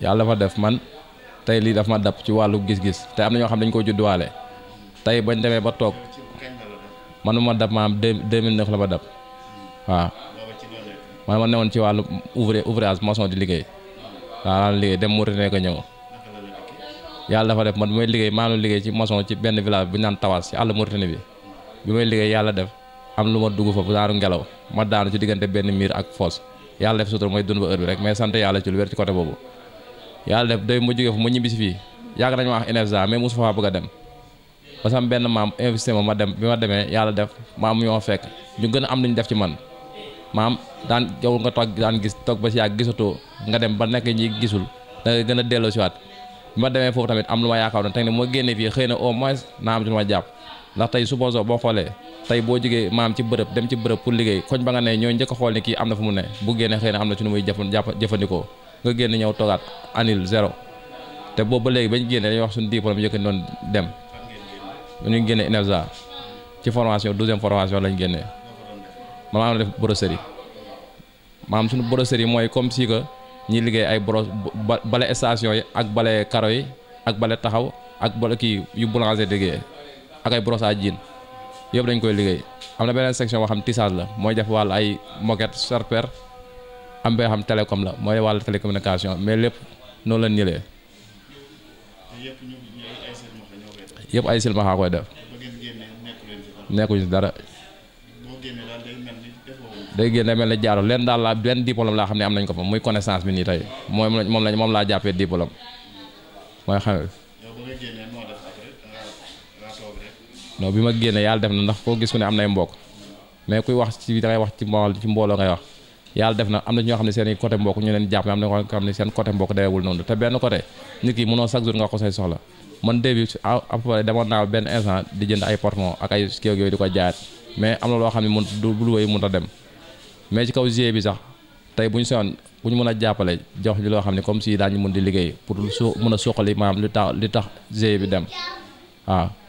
yàlla dafa def man tey lii daf ma dab ci wàllu gis-gis te am na ñoo xam dañ ko judduwaale tey bañ demee ba toog manuma dab maanaam deux mille neuf la ma dab waaw man ma newoon ci wàllu ouvrier ouvrage maçon di liggéey waaw liggéey dem Mauritanie ko ñëw yàlla dafa def man bi may liggéey maa ngi liggéey ci maçon ci benn village bu ñu naan Tawas ci àll Mauritanie bi bi may liggéey yàlla def am lu ma dugg foofu daaru ngelaw ma daanu ci diggante benn miir ak foos yàlla def sutura mooy dund ba heure bi yàlla ci lu wér côté boobu yàlla def doy mu jógee fu mu ñibbisi fii yàgg nañu wax INEFJA mais mosu fa bëgg a dem parce que benn maam invité ma ma dem bi ma demee yàlla def maam ñoo fekk ñu gën am lu ñu def ci man maam daan yow nga toog daan gis toog ba si yàgg gisatoo nga dem ba nekk ñi gisul da nga gën a delloo siwaat bi ma demee foofu tamit am lu ma yaakaar ne tey ne moo génnee fii xëy na au moins naa am lu ma jàpp ndax tey supposons boo xoolee tey boo jógee maam ci bërëb dem ci bërëb pour liggéey koñ ba nga ne ñoo njëkk xool ni am na fu mu ne bu génnee xëy na am na ci nu muy jëfandikoo nga génn ñëw togaat anil zéro te boobu ba léegi bañ génnee dañuy wax suñu diplôme yëkkati doon dem ñu génne INEFSA ci formation douzième formation lañ génnee man maa ngi def brosserie maanaam suñu brosserie mooy comme si que ñi liggéey ay ba bale station yi ak bale karo yi ak bale taxaw ak bale kii yu boulanger liggéey ak ay brosse à jean yëpp dañ koy liggéey am na beneen section boo xam tissage la mooy def wàll ay moquette serpère am bee xam télécom la mooy wàllu télécommunication mais lépp noonu la ñëlee yëpp ay silmaxa koy def nekkuñu dara day génne mel ni jaarul leen daal laa benn diplôme laa xam ne am nañ ko fa muy connaissance bi nii tey mooy moom lañ moom laa jàppee diplôme mooy xam non bi ma génne yàlla def na ndax koo gis ku ne am nay mbokk mais kuy wax ci da ngay wax ci mbool ci mbooloo ngay wax yàlla def na am na ñoo xam ne seen i côté mbokk ñu leen jàppale am na ñoo xam ne seen côté mbokk te benn côté nit ki mënoo chaque jour nga ko say soxla man début après demoon naa benn instant di jënd ay portemon ak ay kéew yooyu di ko jaayaat mais am na loo xam ne mun du lu wéy mun a dem mais ci kaw GIE bi sax tey bu ñu soxla bu ñu mën a jàppale jox ñu loo xam ne comme si ñu mën di liggéey pour su mën a suqali maanaam li tax li tax GIE bi dem waaw.